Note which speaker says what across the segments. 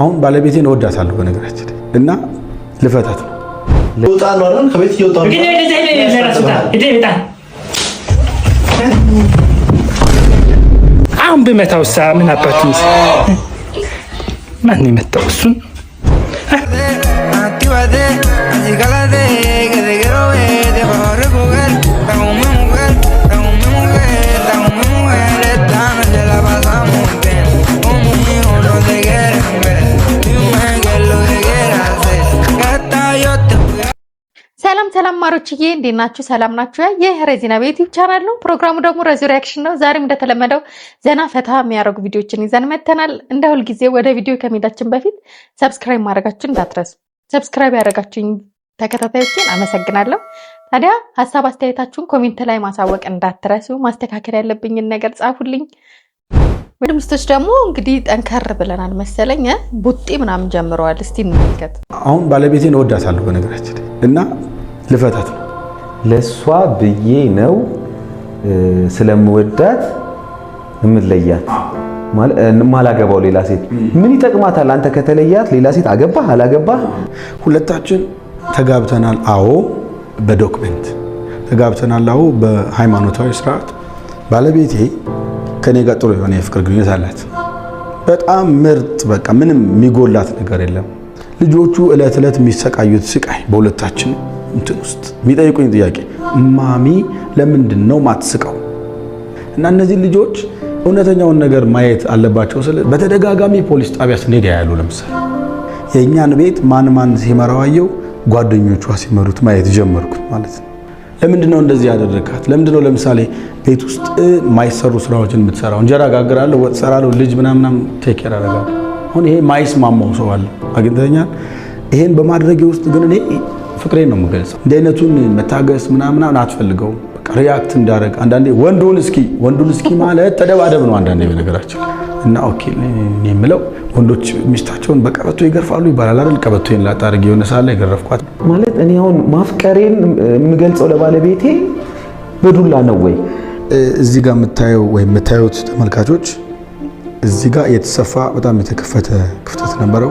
Speaker 1: አሁን ባለቤቴን እወዳታለሁ በነገራችን እና ልፈታት
Speaker 2: አሁን ብመታው ሳ ምን አባት ማን የመታው እሱን
Speaker 3: ሰላም ማሮችዬ እንዴት ናችሁ? ሰላም ናችሁ? ያ ይህ ረዚና ዩቲዩብ ቻናል ነው። ፕሮግራሙ ደግሞ ረዚ ሪያክሽን ነው። ዛሬም እንደተለመደው ዘና ፈታ የሚያደርጉ ቪዲዮችን ይዘን መተናል። እንደ ሁልጊዜ ወደ ቪዲዮ ከመሄዳችን በፊት ሰብስክራይብ ማድረጋችሁን እንዳትረሱ። ሰብስክራይብ ያደረጋችሁኝ ተከታታዮችን አመሰግናለሁ። ታዲያ ሀሳብ አስተያየታችሁን ኮሜንት ላይ ማሳወቅ እንዳትረሱ። ማስተካከል ያለብኝን ነገር ጻፉልኝ።
Speaker 4: ድምስቶች ደግሞ እንግዲህ ጠንከር ብለናል መሰለኝ ቡጤ ምናምን ጀምረዋል። እስቲ እንመልከት።
Speaker 1: አሁን ባለቤቴን እወዳታለሁ በነገራችን እና ልፈታት ነው። ለእሷ ብዬ ነው ስለምወዳት የምለያት ማላገባው ሌላ ሴት ምን ይጠቅማታል? አንተ ከተለያት ሌላ ሴት አገባህ አላገባህ፣ ሁለታችን ተጋብተናል። አዎ በዶክመንት ተጋብተናል። አዎ በሃይማኖታዊ ስርዓት። ባለቤቴ ከኔ ጋር ጥሩ የሆነ የፍቅር ግንኙነት አላት። በጣም ምርጥ፣ በቃ ምንም የሚጎላት ነገር የለም። ልጆቹ እለት እለት የሚሰቃዩት ስቃይ በሁለታችን እንትን ውስጥ ቢጠይቁኝ ጥያቄ ማሚ ለምንድን ነው ማትስቀው? እና እነዚህ ልጆች እውነተኛውን ነገር ማየት አለባቸው። ስለ በተደጋጋሚ ፖሊስ ጣቢያ ስንሄድ ያያሉ። ለምሳሌ የእኛን ቤት ማን ማን ሲመራው አየው፣ ጓደኞቿ ሲመሩት ማየት ጀመርኩት ማለት ነው። ለምንድን ነው እንደዚህ ያደረካት? ለምንድን ነው ለምሳሌ ቤት ውስጥ ማይሰሩ ስራዎችን የምትሰራው? እንጀራ ጋግራለሁ፣ ወጥ ሰራለሁ፣ ልጅ ምናምናም ቴክ ኬር አደርጋለሁ። አሁን ይሄ ማይስማማው ሰው አለ አግኝተኛል። ይሄን በማድረጌ ውስጥ ግን እኔ ፍቅሬን ነው የምገልጸው። እንዲህ አይነቱን መታገስ ምናምናን አትፈልገውም። ሪያክት እንዳደረግ አንዳንዴ ወንዱን እስኪ ወንዱን እስኪ ማለት ተደባደብ ነው። አንዳንዴ በነገራችን እና ኦኬ የምለው ወንዶች ሚስታቸውን በቀበቶ ይገርፋሉ ይባላል አይደል? ቀበቶ ላጣ የሆነ ሰዓት ማለት እኔ አሁን ማፍቀሬን የምገልጸው ለባለቤቴ በዱላ ነው ወይ? እዚህ ጋር የምታየው ወይም የምታዩት ተመልካቾች እዚህ ጋር የተሰፋ በጣም የተከፈተ ክፍተት ነበረው።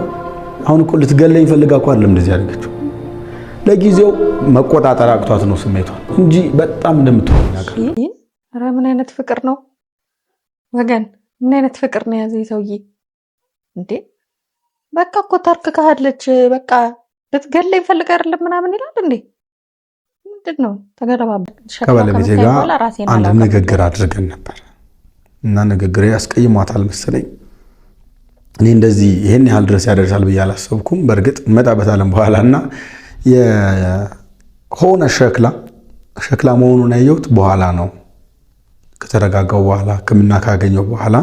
Speaker 1: አሁን እኮ ልትገለኝ ፈልጋ እኮ አይደለም እንደዚህ አደረገችው። ለጊዜው መቆጣጠር አቅቷት ነው ስሜቷ እንጂ በጣም እንደምትሆን ነገር።
Speaker 5: ምን አይነት ፍቅር ነው ወገን! ምን አይነት ፍቅር ነው የያዘ ሰውዬ እንዴ! በቃ እኮ ታርክ ካሃለች በቃ ልትገለኝ ፈልግ አይደለም ምናምን ይላል እንዴ! ምንድን ነው
Speaker 1: ከባለቤቴ ጋር አንድ ንግግር አድርገን ነበር እና ንግግሬ ያስቀይሟታል መሰለኝ። እኔ እንደዚህ ይህን ያህል ድረስ ያደርሳል ብዬ አላሰብኩም። በእርግጥ እንመጣበታለን በኋላ እና የሆነ ሸክላ ሸክላ መሆኑን ያየሁት በኋላ ነው። ከተረጋጋው በኋላ ሕክምና ካገኘው በኋላ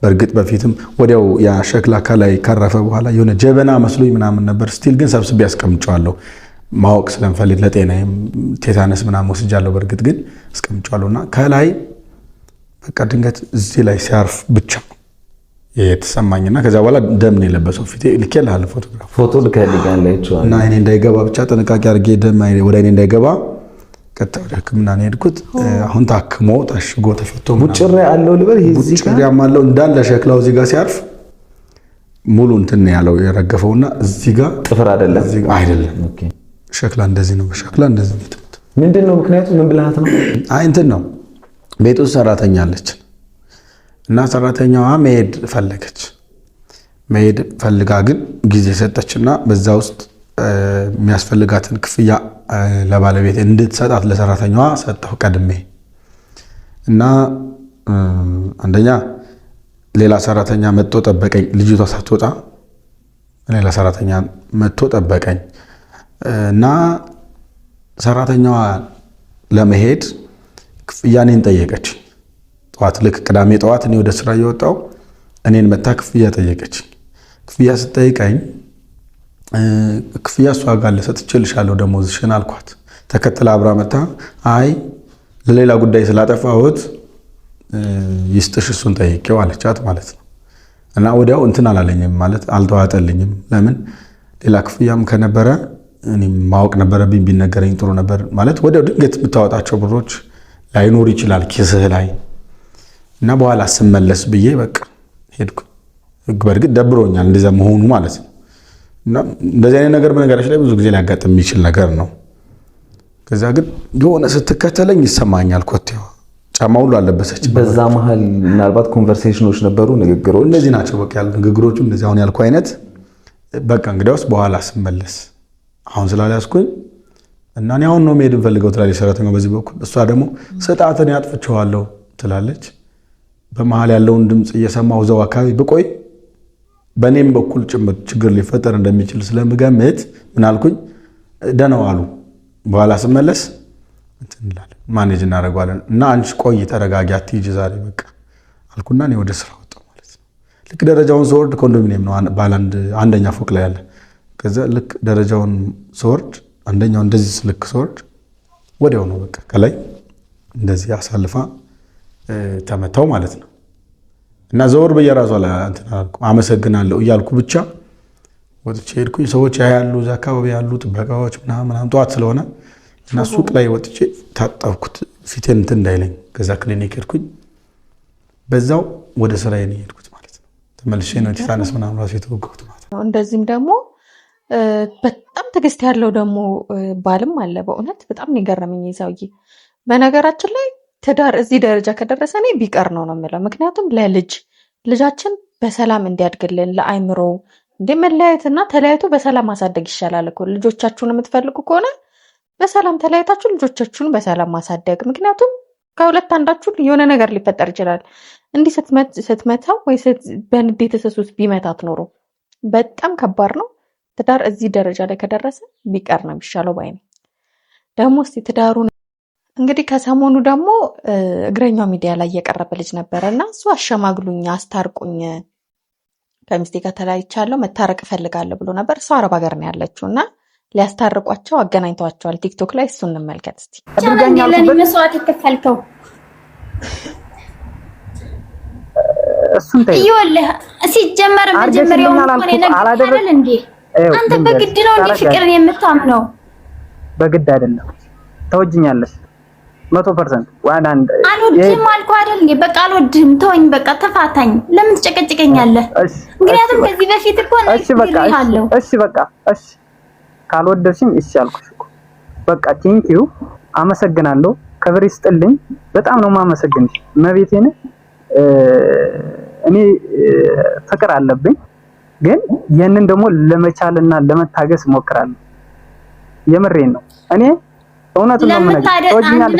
Speaker 1: በእርግጥ በፊትም ወዲያው ያ ሸክላ ከላይ ካረፈ በኋላ የሆነ ጀበና መስሎኝ ምናምን ነበር። ስቲል ግን ሰብስቤ አስቀምጨዋለሁ ማወቅ ስለምፈልግ ለጤና ቴታነስ ምናምን ወስጃለሁ። በእርግጥ ግን አስቀምጨዋለሁ እና ከላይ በቃ ድንገት እዚህ ላይ ሲያርፍ ብቻ የተሰማኝና ከዚያ በኋላ ደም ነው የለበሰው ፊቴ። ልኬልሃለሁ ፎቶግራፍ ፎቶ እና አይኔ እንዳይገባ ብቻ ጥንቃቄ አድርጌ ደም ወደ አይኔ እንዳይገባ ቀጥታ ወደ ሕክምና ነው የሄድኩት። አሁን ታክሞ ታሽጎ ተፈቶ
Speaker 6: ቡጭሬ አለው ልበል
Speaker 1: ቡጭሬያም አለው እንዳለ ሸክላው እዚህ ጋር ሲያርፍ ሙሉ እንትን ያለው የረገፈውና እዚህ ጋር ጥፍር አይደለም አይደለም ሸክላ እንደዚህ ነው። ሸክላ እንደዚህ ነው።
Speaker 6: ምንድን ነው ምክንያቱ? ምን ብልሃት ነው?
Speaker 1: አይ እንትን ነው ቤት ውስጥ ሰራተኛ አለችን እና ሰራተኛዋ መሄድ ፈለገች። መሄድ ፈልጋ ግን ጊዜ ሰጠችና በዛ ውስጥ የሚያስፈልጋትን ክፍያ ለባለቤት እንድትሰጣት ለሰራተኛዋ ሰጠሁ ቀድሜ እና አንደኛ ሌላ ሰራተኛ መጥቶ ጠበቀኝ። ልጅቷ ሳትወጣ ሌላ ሰራተኛ መጥቶ ጠበቀኝ እና ሰራተኛዋ ለመሄድ ክፍያኔን ጠየቀች። ጠዋት ልክ ቅዳሜ ጠዋት እኔ ወደ ስራ እየወጣው እኔን መታ ክፍያ ጠየቀች። ክፍያ ስጠይቀኝ ክፍያ እሷ ጋር ልሰጥ እችልሻለሁ ደሞዝሽን አልኳት። ተከትላ አብራ መታ አይ ለሌላ ጉዳይ ስላጠፋሁት ይስጥሽ እሱን ጠይቄው አለቻት ማለት ነው። እና ወዲያው እንትን አላለኝም ማለት አልተዋጠልኝም። ለምን ሌላ ክፍያም ከነበረ እኔም ማወቅ ነበረብኝ፣ ቢነገረኝ ጥሩ ነበር ማለት ወዲያው ድንገት የምታወጣቸው ብሮች ላይኖር ይችላል ኪስህ ላይ እና በኋላ ስመለስ ብዬ በቃ ሄድኩ። በእርግጥ ደብሮኛል እንደዛ መሆኑ ማለት ነው። እና እንደዚህ አይነት ነገር በነገራችን ላይ ብዙ ጊዜ ሊያጋጥም የሚችል ነገር ነው። ከዛ ግን የሆነ ስትከተለኝ ይሰማኛል። ኮቴዋ ጫማ ሁሉ አለበሰች።
Speaker 6: በዛ መሀል ምናልባት ኮንቨርሴሽኖች ነበሩ፣ ንግግሮች
Speaker 1: እነዚህ ናቸው በቃ ያሉ ንግግሮቹ እንደዚህ አሁን ያልኩ አይነት በቃ እንግዲያውስ በኋላ ስመለስ አሁን ስላልያዝኩኝ እና እኔ አሁን ነው መሄድ እንፈልገው ትላለች ሰራተኛው በዚህ በኩል እሷ ደግሞ ስጣትን ያጥፍችኋለሁ ትላለች። በመሃል ያለውን ድምፅ እየሰማሁ እዛው አካባቢ ብቆይ በእኔም በኩል ጭምር ችግር ሊፈጠር እንደሚችል ስለምገምት ምናልኩኝ ደነው አሉ። በኋላ ስመለስ እንትን እንላለን፣ ማኔጅ እናደርገዋለን እና አንቺ ቆይ ተረጋጊ፣ አትሂጂ ዛሬ በቃ አልኩና እኔ ወደ ስራ ወጣሁ ማለት ነው። ልክ ደረጃውን ስወርድ ኮንዶሚኒየም ነው ባለ አንደኛ ፎቅ ላይ ያለ። ከዚያ ልክ ደረጃውን ስወርድ አንደኛው እንደዚህ ልክ ስወርድ ወዲያው ነው በቃ ከላይ እንደዚህ አሳልፋ ተመተው ማለት ነው። እና ዘወር በየራሷ ላይ አመሰግናለሁ እያልኩ ብቻ ወጥቼ ሄድኩኝ። ሰዎች ያሉ እዛ አካባቢ ያሉ ጥበቃዎች ምናምን። ጠዋት ስለሆነ እና ሱቅ ላይ ወጥቼ ታጠብኩት ፊቴን እንትን እንዳይለኝ። ከዛ ክሊኒክ ሄድኩኝ። በዛው ወደ ስራ ነው የሄድኩት ማለት ነው። ተመልሼ ነው ቲታነስ ምናምን ራሱ የተወገኩት
Speaker 5: ማለት ነው። እንደዚህም ደግሞ በጣም ትዕግስት ያለው ደግሞ ባልም አለ። በእውነት በጣም ነው የገረመኝ ሰውዬ። በነገራችን ላይ ትዳር እዚህ ደረጃ ከደረሰ እኔ ቢቀር ነው ነው የምለው። ምክንያቱም ለልጅ ልጃችን በሰላም እንዲያድግልን ለአይምሮ እንደ መለያየት እና ተለያይቶ በሰላም ማሳደግ ይሻላል እኮ። ልጆቻችሁን የምትፈልጉ ከሆነ በሰላም ተለያይታችሁ ልጆቻችሁን በሰላም ማሳደግ። ምክንያቱም ከሁለት አንዳችሁ የሆነ ነገር ሊፈጠር ይችላል። እንዲህ ስትመታው ወይ በንዴት ስሱስ ቢመታት ኖሮ በጣም ከባድ ነው። ትዳር እዚህ ደረጃ ላይ ከደረሰ ቢቀር ነው የሚሻለው ባይ ደግሞ እስኪ ትዳሩን እንግዲህ ከሰሞኑ ደግሞ እግረኛው ሚዲያ ላይ እየቀረበ ልጅ ነበረ እና እሱ አሸማግሉኝ፣ አስታርቁኝ ከሚስቴ ጋር ተለያይቻለሁ መታረቅ እፈልጋለሁ ብሎ ነበር። እሱ አረብ ሀገር ነው ያለችው እና ሊያስታርቋቸው አገናኝተዋቸዋል። ቲክቶክ ላይ እሱ እንመልከት እስኪ።
Speaker 7: መስዋዕት የተከፈልከው ይኸውልህ፣ ሲጀመር መጀመሪያውን
Speaker 1: ሆነ ነገር እንዴ
Speaker 7: አንተ በግድ ነው እንዴ ፍቅርን የምታምነው?
Speaker 1: በግድ አይደለም። ተወጅኛለሽ መቶ ፐርሰንት ዋን አንድ
Speaker 7: አልወድም አልኩ አይደል እንዴ? በቃ አልወድም፣ ተወኝ፣ በቃ ተፋታኝ። ለምን ትጨቀጭቀኛለህ? ምክንያቱም ከዚህ በፊት እኮ
Speaker 1: እሺ በቃ እሺ በቃ እሺ ካልወደድሽኝ እሺ አልኩሽ እኮ በቃ ቲንክ ዩ አመሰግናለሁ። ክብር ይስጥልኝ። በጣም ነው የማመሰግንሽ። መቤቴን እኔ ፍቅር አለብኝ፣ ግን ይህንን ደግሞ ለመቻልና ለመታገስ እሞክራለሁ። የምሬን ነው እኔ
Speaker 7: እውነት ነው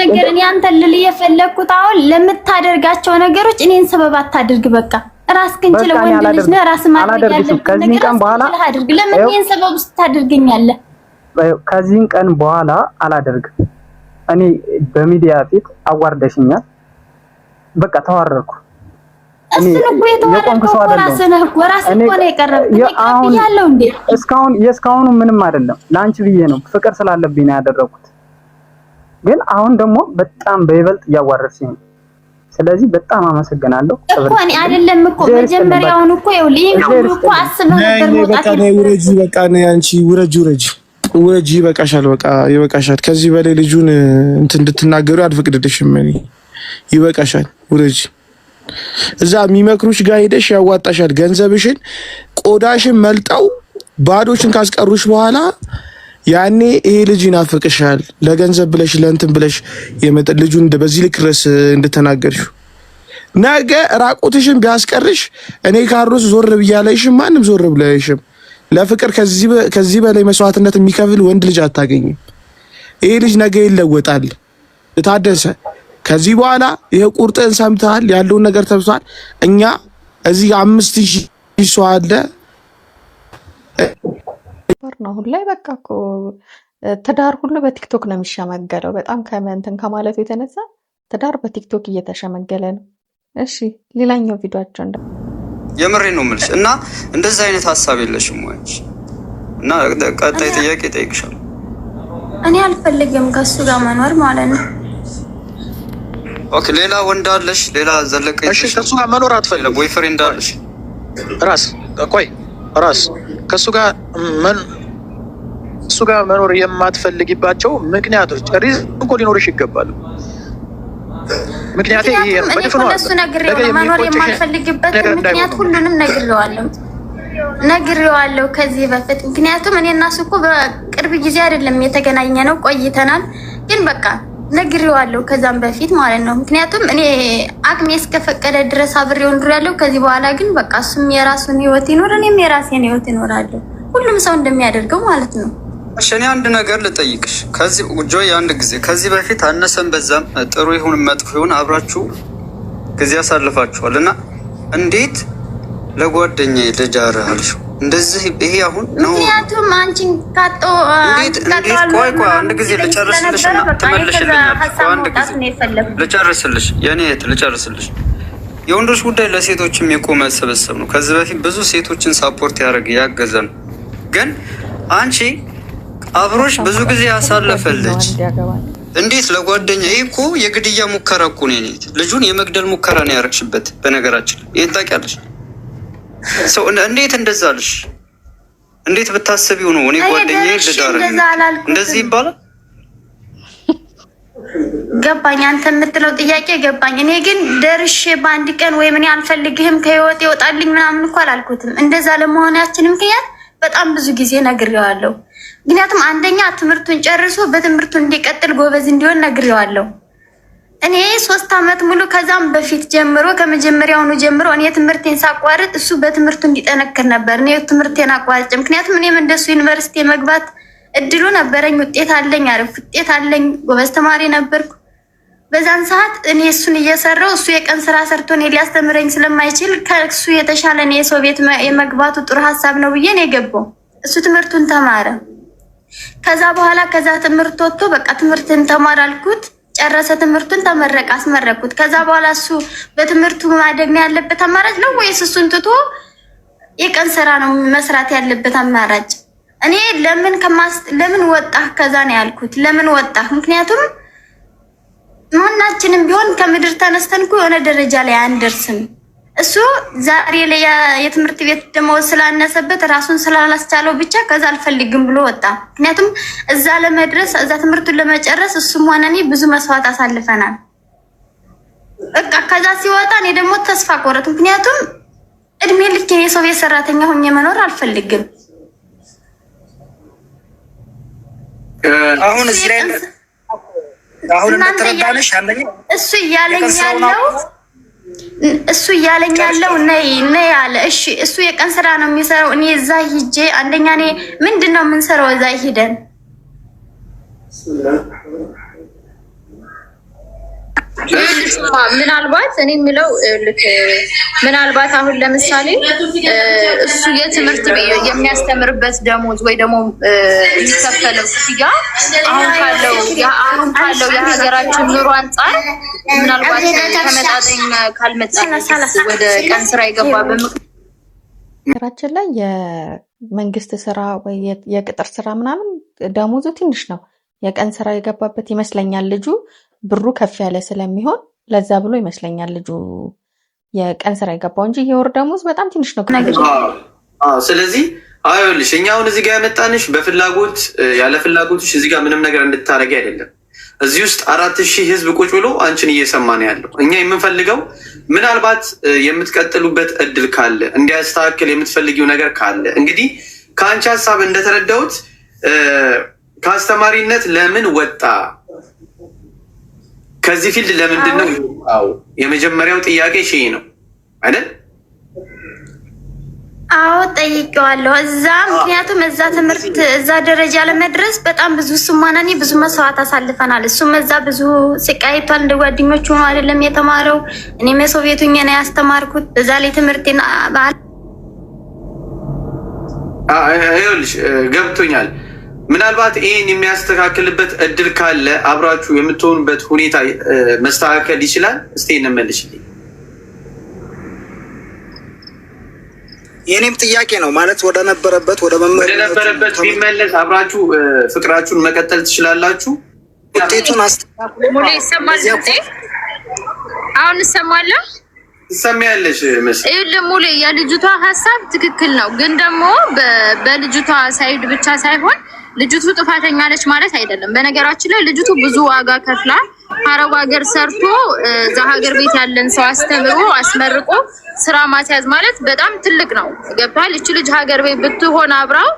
Speaker 7: ነገር እኔ አንተ ልል የፈለግኩት አሁን ለምታደርጋቸው ነገሮች እኔን ሰበብ አታድርግ። በቃ ራስ ግን ችለህ ወንድ ልጅ ነህ፣ ራስህ
Speaker 1: ማድረግ ያለብህ በኋላ
Speaker 7: አድርግ። ለምን እኔን ሰበብ ውስጥ ታደርገኛለህ?
Speaker 1: ከዚህን ቀን በኋላ አላደርግም። እኔ በሚዲያ ፊት አዋርደሽኛል። በቃ ተዋረድኩ።
Speaker 7: እሱን እኮ የተዋረድከው እኮ ራስህ ነህ እኮ ራስህ እኮ ነው
Speaker 1: የቀረብኩት። እስካሁን የእስካሁኑ ምንም አይደለም። ለአንቺ ብዬ ነው ፍቅር ስላለብኝ ነው ያደረኩት። ግን አሁን ደግሞ በጣም በይበልጥ እያዋረድሽኝ ነው። ስለዚህ በጣም አመሰግናለሁ
Speaker 7: እኮ እኔ አይደለም እኮ መጀመሪያውን እኮ ይኸውልህ ይሄን እኮ አስበው
Speaker 1: ነበር መውጣት ውረጂ፣ በቃ ነው አንቺ ውረጂ፣ ውረጂ፣ ውረጂ፣ ይበቃሻል፣ በቃ ይበቃሻል። ከዚህ በላይ ልጁን እንትን እንድትናገሩ አልፈቅድልሽም። እኔ ይበቃሻል፣ ውረጂ። እዛ የሚመክሩሽ ጋር ሄደሽ ያዋጣሻል። ገንዘብሽን ቆዳሽን መልጠው ባዶሽን ካስቀሩሽ በኋላ ያኔ ይሄ ልጅ ይናፍቅሻል ለገንዘብ ብለሽ ለእንትን ብለሽ የመጠ ልጁን በዚህ ልክ ድረስ እንደተናገርሽው ነገ ራቁትሽን ቢያስቀርሽ እኔ ካሮስ ዞር ብያለሽም ማንም ዞር ብለሽም ለፍቅር ከዚህ በላይ መስዋዕትነት የሚከፍል ወንድ ልጅ አታገኝም። ይሄ ልጅ ነገ ይለወጣል። ታደሰ ከዚህ በኋላ ይሄ ቁርጥህን ሰምተሃል፣ ያለውን ነገር ተብሷል። እኛ እዚህ አምስት ሺህ ሰው አለ
Speaker 5: ከባድ ነው። አሁን ላይ በቃ እኮ ትዳር ሁሉ በቲክቶክ ነው የሚሸመገለው። በጣም ከመንትን ከማለቱ የተነሳ ትዳር በቲክቶክ እየተሸመገለ ነው። እሺ ሌላኛው ቪዲዮቸው እንደ
Speaker 6: የምሬ ነው የምልሽ እና እንደዚህ አይነት ሀሳብ የለሽም ወይ? እና ቀጣይ ጥያቄ ጠይቅሻል።
Speaker 7: እኔ አልፈልግም ከሱ ጋር መኖር ማለት ነው።
Speaker 6: ኦኬ ሌላ ወንድ አለሽ? ሌላ ዘለቀ
Speaker 1: እሺ፣ ከሱ ጋር መኖር አትፈልግ
Speaker 6: ቦይፍሬንድ አለሽ?
Speaker 1: ራስ ቆይ ራስ ከሱ ጋር ከእሱ ጋር መኖር የማትፈልጊባቸው ምክንያቶች ሪዝን እኮ ሊኖርሽ ይገባሉ።
Speaker 7: ምክንያቴ ይሄ ነው። በድፍኑ እሱ ነግሬዋለሁ። መኖር የማልፈልግበት ምክንያት ሁሉንም ነግሬዋለሁ ነግሬዋለሁ ከዚህ በፊት ምክንያቱም እኔ እና እሱ እኮ በቅርብ ጊዜ አይደለም የተገናኘ ነው፣ ቆይተናል። ግን በቃ ነግሬዋለሁ ከዛም በፊት ማለት ነው። ምክንያቱም እኔ አቅሜ እስከፈቀደ ድረስ አብሬው ኖሬያለሁ። ከዚህ በኋላ ግን በቃ እሱም የራሱን ህይወት ይኖር፣ እኔም የራሴን ሕይወት ይኖራለሁ። ሁሉም ሰው እንደሚያደርገው ማለት ነው።
Speaker 6: እሺ እኔ አንድ ነገር ልጠይቅሽ። ከዚህ ጆ አንድ ጊዜ ከዚህ በፊት አነሰን በዛም ጥሩ ይሁን መጥፎ ይሁን አብራችሁ ጊዜ አሳልፋችኋል እና እንዴት ለጓደኛ ልጅ አረሃልሽ እንደዚህ ይሄ አሁን
Speaker 7: ነው። ምክንያቱም አንቺን ካጦ
Speaker 6: ቆይ ቆይ አንድ ጊዜ ልጨርስልሽ እና ልጨርስልሽ የኔ እህት ልጨርስልሽ። የወንዶች ጉዳይ ለሴቶችም የቆመ ስብስብ ነው። ከዚህ በፊት ብዙ ሴቶችን ሳፖርት ያደረገ ያገዘ ነው ግን አንቺ አብሮሽ ብዙ ጊዜ ያሳለፈልች እንዴት ለጓደኛ ይህ እኮ የግድያ ሙከራ እኮ ነው። ኔት ልጁን የመግደል ሙከራ ነው ያረግሽበት። በነገራችን ይህን ታውቂያለሽ። ሰው እንዴት እንደዛ አለሽ? እንዴት ብታስቢው ነው
Speaker 7: እኔ ጓደኛ ልዳር እንደዚህ ይባላል? ገባኝ። አንተ የምትለው ጥያቄ ገባኝ። እኔ ግን ደርሼ በአንድ ቀን ወይም እኔ አልፈልግህም ከህይወት ይወጣልኝ ምናምን እኮ አላልኩትም። እንደዛ ለመሆናችን ምክንያት በጣም ብዙ ጊዜ ነግሬዋለሁ። ምክንያቱም አንደኛ ትምህርቱን ጨርሶ በትምህርቱ እንዲቀጥል ጎበዝ እንዲሆን ነግሬዋለሁ። እኔ ሶስት አመት ሙሉ ከዛም በፊት ጀምሮ ከመጀመሪያውኑ ጀምሮ እኔ ትምህርቴን ሳቋርጥ እሱ በትምህርቱ እንዲጠነክር ነበር። እኔ ትምህርቴን አቋርጬ ምክንያቱም እኔም እንደሱ ዩኒቨርሲቲ የመግባት እድሉ ነበረኝ። ውጤት አለኝ፣ አሪፍ ውጤት አለኝ፣ ጎበዝ ተማሪ ነበርኩ። በዛን ሰዓት እኔ እሱን እየሰራው እሱ የቀን ስራ ሰርቶ እኔ ሊያስተምረኝ ስለማይችል ከእሱ የተሻለ እኔ የሰው ቤት የመግባቱ ጥሩ ሀሳብ ነው ብዬ ነው የገባው። እሱ ትምህርቱን ተማረ። ከዛ በኋላ ከዛ ትምህርት ወጥቶ በቃ ትምህርትን ተማር አልኩት። ጨረሰ ትምህርቱን፣ ተመረቀ፣ አስመረኩት። ከዛ በኋላ እሱ በትምህርቱ ማደግ ነው ያለበት አማራጭ ነው ወይስ እሱን ትቶ የቀን ስራ ነው መስራት ያለበት አማራጭ? እኔ ለምን ከማስ ለምን ወጣህ? ከዛ ነው ያልኩት ለምን ወጣህ? ምክንያቱም ማናችንም ቢሆን ከምድር ተነስተን እኮ የሆነ ደረጃ ላይ አንደርስም። እሱ ዛሬ ላይ የትምህርት ቤት ደመወዝ ስላነሰበት ራሱን ስላላስቻለው ብቻ ከዛ አልፈልግም ብሎ ወጣ። ምክንያቱም እዛ ለመድረስ እዛ ትምህርቱን ለመጨረስ እሱም ሆነ እኔ ብዙ መስዋዕት አሳልፈናል። በቃ ከዛ ሲወጣ እኔ ደግሞ ተስፋ ቆረጥ። ምክንያቱም እድሜ ልክ የሰው ቤት ሰራተኛ ሆኜ መኖር አልፈልግም።
Speaker 6: አሁን እዚህ ላይ አሁን እንደተረዳነሽ አንደኛ
Speaker 7: እሱ እያለኝ ያለው እሱ እያለኝ ያለው ነይ ነይ አለ። እሺ እሱ የቀን ስራ ነው የሚሰራው። እኔ እዛ ሂጄ አንደኛ እኔ ምንድን ነው የምንሰራው እዛ ሂደን
Speaker 8: ምናልባት እኔ የምለው ልክ ምናልባት አሁን ለምሳሌ እሱ የትምህርት የሚያስተምርበት ደሞዝ ወይ ደግሞ የሚከፈለው ክፍያ አሁን ካለው አሁን ካለው የሀገራችን ኑሮ አንጻር ምናልባት ተመጣጠኝ ካልመጣ
Speaker 7: ወደ ቀን ስራ የገባበት
Speaker 5: ሀገራችን ላይ የመንግስት ስራ ወይ የቅጥር ስራ ምናምን ደሞዙ ትንሽ ነው። የቀን ስራ የገባበት ይመስለኛል ልጁ ብሩ ከፍ ያለ ስለሚሆን ለዛ ብሎ ይመስለኛል ልጁ የቀን ስራ የገባው እንጂ የወር ደሞዝ በጣም ትንሽ ነው።
Speaker 6: ስለዚህ አይልሽ እኛ አሁን እዚህ ጋር ያመጣንሽ በፍላጎት ያለ ፍላጎትሽ እዚህ ጋር ምንም ነገር እንድታደረግ አይደለም። እዚህ ውስጥ አራት ሺህ ህዝብ ቁጭ ብሎ አንቺን እየሰማ ነው ያለው። እኛ የምንፈልገው ምናልባት የምትቀጥሉበት እድል ካለ እንዲያስተካክል የምትፈልጊው ነገር ካለ እንግዲህ ከአንቺ ሀሳብ እንደተረዳሁት ከአስተማሪነት ለምን ወጣ ከዚህ ፊልድ ለምንድን ነው? አዎ የመጀመሪያው ጥያቄ ሺህ ነው አይደል?
Speaker 7: አዎ ጠይቀዋለሁ። እዛ ምክንያቱም እዛ ትምህርት እዛ ደረጃ ለመድረስ በጣም ብዙ ስማናኔ ብዙ መስዋዕት አሳልፈናል። እሱም እዛ ብዙ ስቃይቷል። እንደ ጓደኞች ሆኖ አይደለም የተማረው። እኔ መሶቤቱኝ ነው ያስተማርኩት። እዛ ላይ ትምህርቴን
Speaker 6: ይኸውልሽ ገብቶኛል። ምናልባት ይህን የሚያስተካክልበት እድል ካለ አብራችሁ የምትሆኑበት ሁኔታ መስተካከል ይችላል። እስቲ እንመልሽልኝ። የእኔም ጥያቄ ነው ማለት ወደ ነበረበት ወደ ነበረበት ቢመለስ አብራችሁ ፍቅራችሁን መቀጠል ትችላላችሁ። ውጤቱን
Speaker 7: አስተካክሎ ይሰማል። አሁን እሰማለሁ
Speaker 6: ትሰሚያለሽ
Speaker 7: ምስል ሙሌ የልጅቷ ሀሳብ ትክክል ነው፣ ግን ደግሞ በልጅቷ ሳይድ ብቻ ሳይሆን ልጅቱ ጥፋተኛ ነች ማለት አይደለም። በነገራችን ላይ ልጅቱ ብዙ ዋጋ ከፍላ አረብ ሀገር ሰርቶ እዛ ሀገር ቤት ያለን ሰው አስተምሮ አስመርቆ ስራ ማስያዝ ማለት በጣም ትልቅ ነው። ገብቷል። እቺ ልጅ ሀገር ቤት ብትሆን አብራው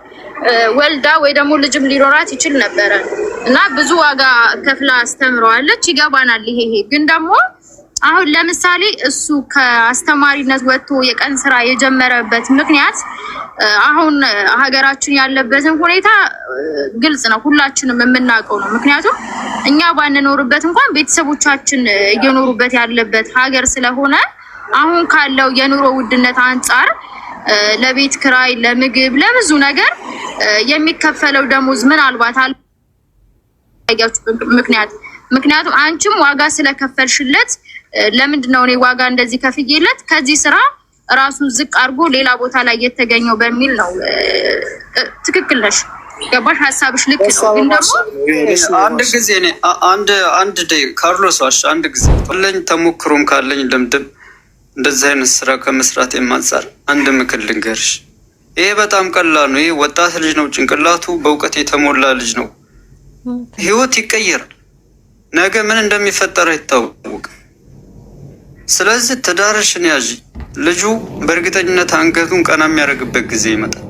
Speaker 7: ወልዳ ወይ ደግሞ ልጅም ሊኖራት ይችል ነበረ እና ብዙ ዋጋ ከፍላ አስተምረዋለች። ይገባናል። ይሄ ግን ደግሞ አሁን ለምሳሌ እሱ ከአስተማሪነት ወጥቶ የቀን ስራ የጀመረበት ምክንያት አሁን ሀገራችን ያለበትን ሁኔታ ግልጽ ነው፣ ሁላችንም የምናውቀው ነው። ምክንያቱም እኛ ባንኖርበት እንኳን ቤተሰቦቻችን እየኖሩበት ያለበት ሀገር ስለሆነ አሁን ካለው የኑሮ ውድነት አንጻር ለቤት ክራይ፣ ለምግብ፣ ለብዙ ነገር የሚከፈለው ደሞዝ ምናልባት ምክንያት ምክንያቱም አንቺም ዋጋ ስለከፈልሽለት ለምንድን ነው እኔ ዋጋ እንደዚህ ከፍዬለት ከዚህ ስራ ራሱን ዝቅ አድርጎ ሌላ ቦታ ላይ የተገኘው በሚል ነው። ትክክል ነሽ፣ ገባሽ? ሀሳብሽ ልክ ነው። ግን
Speaker 6: ደግሞ አንድ ጊዜ እኔ አንድ አንድ ካርሎስ ዋሽ አንድ ጊዜ ለኝ ተሞክሮም ካለኝ ልምድም እንደዚህ አይነት ስራ ከመስራት የማንጻር አንድ ምክር ልንገርሽ። ይሄ በጣም ቀላል ነው። ይሄ ወጣት ልጅ ነው፣ ጭንቅላቱ በእውቀት የተሞላ ልጅ ነው። ህይወት ይቀየራል። ነገ ምን እንደሚፈጠር አይታወቅም። ስለዚህ ትዳርሽን ያዥ። ልጁ በእርግጠኝነት አንገቱን ቀና የሚያደርግበት ጊዜ ይመጣል።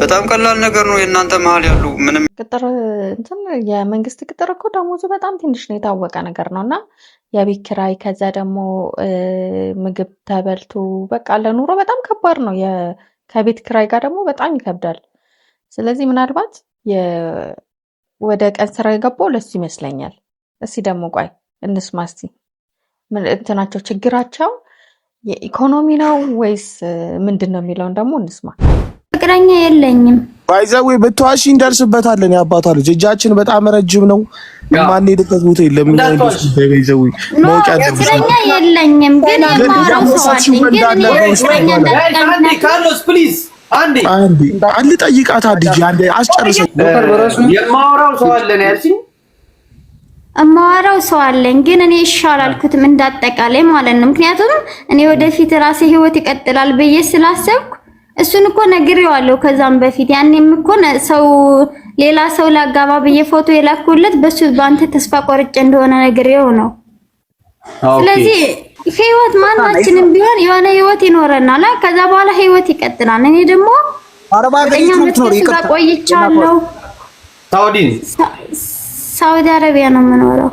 Speaker 6: በጣም ቀላል ነገር ነው። የእናንተ መሀል ያሉ ምንም
Speaker 5: ቅጥር እንትን የመንግስት ቅጥር እኮ ደሞዙ በጣም ትንሽ ነው፣ የታወቀ ነገር ነው። እና የቤት ኪራይ ከዛ ደግሞ ምግብ ተበልቶ በቃ ለኑሮ በጣም ከባድ ነው። ከቤት ኪራይ ጋር ደግሞ በጣም ይከብዳል። ስለዚህ ምናልባት ወደ ቀን ስራ የገባው ለሱ ይመስለኛል። እስኪ ደግሞ ቆይ እንስማ እስኪ ምን እንትናቸው ችግራቸው የኢኮኖሚ ነው ወይስ ምንድን ነው የሚለውን ደግሞ እንስማ።
Speaker 7: ፍቅረኛ የለኝም
Speaker 1: ባይዘዌ ብትዋሺ እንደርስበታለን። የአባቷ ልጅ እጃችን በጣም ረጅም ነው። ማንሄድበት ቦታ የለም።
Speaker 7: ይዘዊ ማወቅ ፍቅረኛ የለኝም ግን
Speaker 1: አንዴ አልጠይቃት አድጅ አንዴ አስጨርሰኝ
Speaker 6: የማወራው ሰው አለን ያልሽኝ
Speaker 7: እማዋራው ሰው አለኝ ግን እኔ ይሻላልኩትም እንዳጠቃላይ ማለት ነው። ምክንያቱም እኔ ወደፊት ራሴ ህይወት ይቀጥላል ብዬ ስላሰብኩ እሱን እኮ ነግሬዋለሁ። ከዛም በፊት ያኔም እኮ ሰው ሌላ ሰው ላጋባ ብዬ ፎቶ የላኩለት በሱ በአንተ ተስፋ ቆርጬ እንደሆነ ነግሬው ነው። ስለዚህ ህይወት ማናችንም ቢሆን የሆነ ህይወት ይኖረናል። ከዛ በኋላ ህይወት ይቀጥላል። እኔ ደግሞ አረባ ጋር ሳውዲ አረቢያ ነው የምኖረው።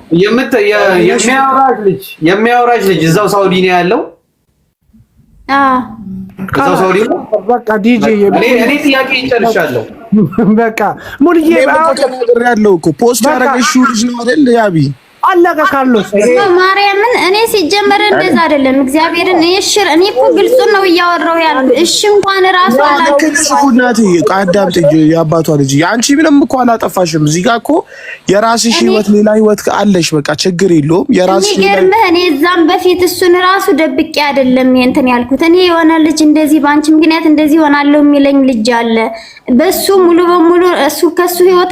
Speaker 6: የሚያወራሽ ልጅ የሚያወራሽ ልጅ እዛው ሳውዲ ነው ያለው። እዛው ሳውዲ ነው። በቃ ዲጄ እኔ ጥያቄ ይጨርሻለሁ።
Speaker 1: በቃ ሙልዬ ያለው እኮ ፖስት ያረገሽው ልጅ ነው አይደል ያቢ አለቀ። ካርሎስ
Speaker 7: ማርያምን፣ እኔ ሲጀመር እንደዛ አይደለም። እግዚአብሔርን እሺ፣ እኔ እኮ ግልጹ ነው እያወራው ያለው። እሺ እንኳን ራሱ
Speaker 1: አላከጽፉናት አዳምጥ እንጂ የአባቷ ልጅ አንቺ ምንም እኮ አላጠፋሽም። እዚህ ጋር እኮ የራስሽ ህይወት፣ ሌላ ህይወት አለሽ። በቃ ችግር የለውም።
Speaker 7: የራስሽ ይገርምህ። እኔ እዛም በፊት እሱን ራሱ ደብቄ አይደለም እንትን ያልኩት። እኔ የሆነ ልጅ እንደዚህ በአንቺ ምክንያት እንደዚህ ሆናለሁ የሚለኝ ልጅ አለ። በሱ ሙሉ በሙሉ እሱ ከሱ ህይወት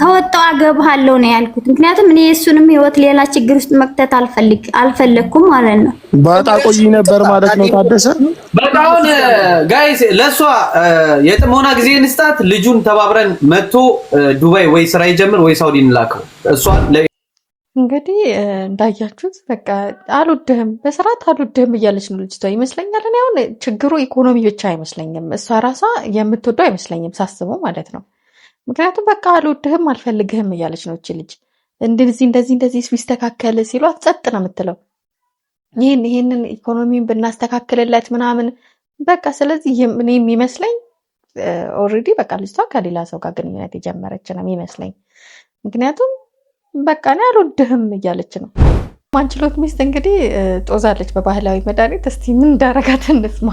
Speaker 7: ከወጣው አገባለሁ ነው ያልኩት። ምክንያቱም እኔ እሱንም ህይወት ህይወት ሌላ ችግር ውስጥ መክተት አልፈልግ አልፈለኩም ማለት ነው።
Speaker 1: በጣ ቆይ ነበር ማለት ነው። ታደሰ
Speaker 6: በጣም ጋይስ፣ ለሷ የጥሞና ጊዜ እንስጣት። ልጁን ተባብረን መጥቶ ዱባይ ወይ ስራ ይጀምር ወይ ሳውዲ እንላከው። እሷ
Speaker 5: እንግዲህ እንዳያችሁት በቃ አልወድህም፣ በስርዓት አልወድህም እያለች ነው ልጅቷ ይመስለኛል። እኔ አሁን ችግሩ ኢኮኖሚ ብቻ አይመስለኝም፣ እሷ ራሷ የምትወደው አይመስለኝም ሳስበው ማለት ነው። ምክንያቱም በቃ አልወድህም፣ አልፈልግህም እያለች ነው እች ልጅ እንደዚህ እንደዚህ እንደዚህ ቢስተካከል ሲሉ ጸጥ ነው የምትለው። ይህን ይህንን ኢኮኖሚን ብናስተካክልለት ምናምን በቃ ስለዚህ እኔ የሚመስለኝ ኦልሬዲ በቃ ልጅቷ ከሌላ ሰው ጋር ግንኙነት የጀመረች ነው የሚመስለኝ። ምክንያቱም በቃ እኔ አልወድህም እያለች ነው። ማንችሎት ሚስት እንግዲህ ጦዛለች በባህላዊ መድኃኒት። እስቲ ምን እንዳረጋት እንስማ።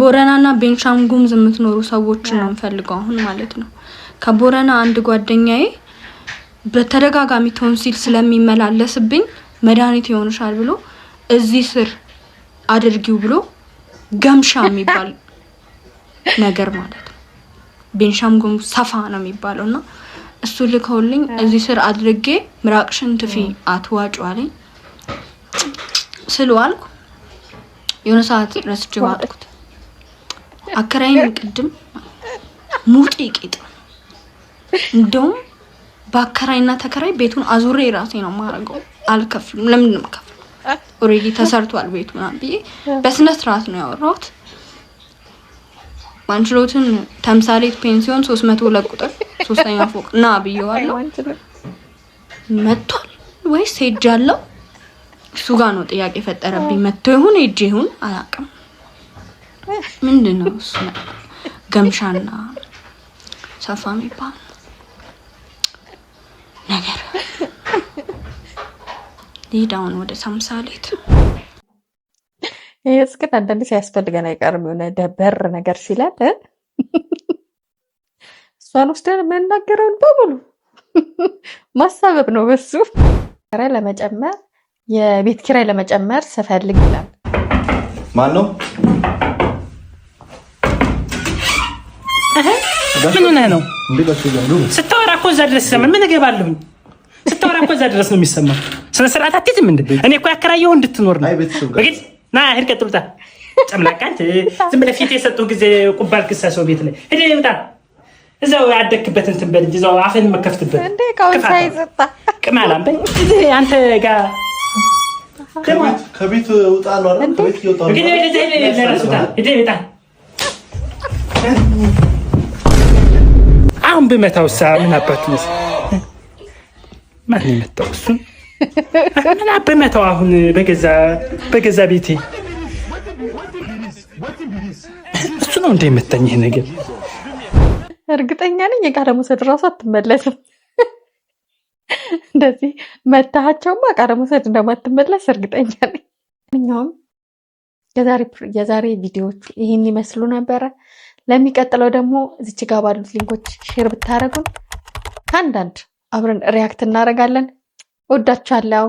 Speaker 8: ቦረናና ቤንሻንጉምዝ የምትኖሩ ሰዎች ነው እንፈልገው አሁን ማለት ነው። ከቦረና አንድ ጓደኛዬ በተደጋጋሚ ቶንሲል ስለሚመላለስብኝ መድኃኒት ይሆንሻል ብሎ እዚህ ስር አድርጊው ብሎ ገምሻ የሚባል ነገር ማለት ነው። ቤንሻም ቤንሻንጉል ሰፋ ነው የሚባለው እና እሱ ልከውልኝ እዚህ ስር አድርጌ ምራቅሽን ትፊ አትዋጩ አለኝ። ስሉ አልኩ የሆነ ሰዓት ረስጅ ዋጥኩት። አከራይን ቅድም ሙጢ ቂጥ እንደውም በአከራይና ተከራይ ቤቱን አዙሬ ራሴ ነው የማደርገው። አልከፍልም። ለምን ነው የምከፍለው? ኦልሬዲ ተሰርቷል ቤቱ ምናምን ብዬ በስነ ስርዓት ነው ያወራሁት። ዋንችሎትን ተምሳሌት ፔንሲዮን ሶስት መቶ ለቁጥር ሶስተኛ ፎቅ ና ብዬዋለሁ። መጥቷል ወይስ ሄጃለሁ? እሱ ጋር ነው ጥያቄ የፈጠረብኝ። መጥቶ ይሁን ሄጄ ይሁን አላውቅም። ምንድን ነው እሱ ገምሻና ሰፋ የሚባል ነገር ሊዳውን ወደ ሳምሳሌት
Speaker 5: ይህ ግን አንዳንዴ ሳያስፈልገን አይቀርም። የሆነ ደበር ነገር ሲላል እሷን ወስደን የምንናገረውን በሙሉ ማሳበብ ነው። በሱ ኪራይ ለመጨመር የቤት ኪራይ ለመጨመር ስፈልግ ይላል።
Speaker 1: ማን ነው? ምን ሆነህ ነው?
Speaker 9: እኮ እዛ ድረስ ይሰማል። ምን እገባለሁኝ? ስታወራ እኮ እዛ ድረስ ነው የሚሰማው። ስነ ስርዓት አትይዝም እንደ እኔ እኮ ያከራየው እንድትኖር ነው። ና ሂድ፣ ቀጥ ብጣ ጨምላቃት። ዝም ብለህ ፊት የሰጡህ ጊዜ ቁባል ክሳ ሰው ቤት ላይ ሂድ ብጣ። እዛው ያደግክበት እንትን በል እንጂ እዛው አፍህን መከፍትበት ቅማላም በይ አንተ ጋር
Speaker 1: ከቤት ውጣ
Speaker 2: ነው አሁን ብመታው ሳ ምን አባቱ ነው? ማን የመታው እሱ? ምን ብመታው አሁን በገዛ በገዛ ቤቴ እሱ ነው እንደ የመታኝ። ይሄ ነገር
Speaker 5: እርግጠኛ ነኝ የቃለ መውሰድ እራሱ አትመለስም። እንደዚህ መታሃቸውማ ቃለ መውሰድ እንደማትመለስ እርግጠኛ ነኝ። የዛሬ ቪዲዮዎቹ ይህን ይመስሉ ነበረ። ለሚቀጥለው ደግሞ እዚች ጋ ባሉት ሊንኮች ሼር ብታደረጉን ከአንዳንድ አብረን ሪያክት እናደርጋለን። እወዳችኋለሁ።